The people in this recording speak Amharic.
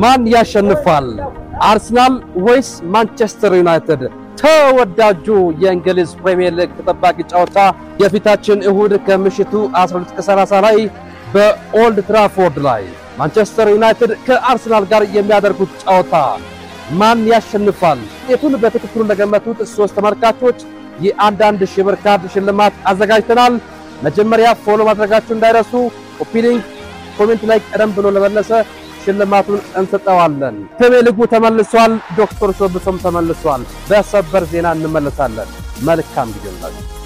ማን ያሸንፋል? አርሰናል ወይስ ማንቸስተር ዩናይትድ? ተወዳጁ የእንግሊዝ ፕሪሚየር ሊግ ተጠባቂ ጨዋታ የፊታችን እሁድ ከምሽቱ 12:30 ላይ በኦልድ ትራፎርድ ላይ ማንቸስተር ዩናይትድ ከአርሰናል ጋር የሚያደርጉት ጨዋታ ማን ያሸንፋል? ውጤቱን በትክክሉ ለገመቱት ሶስት ተመልካቾች የአንዳንድ ሺህ ብር ካርድ ሽልማት አዘጋጅተናል። መጀመሪያ ፎሎ ማድረጋችሁ እንዳይረሱ። ኦፒኒንግ ኮሜንት ላይ ቀደም ብሎ ለመለሰ ሽልማቱን እንሰጠዋለን። ልጉ ተመልሷል። ዶክተር ሶብሶም ተመልሷል። በሰበር ዜና እንመለሳለን። መልካም ጊዜ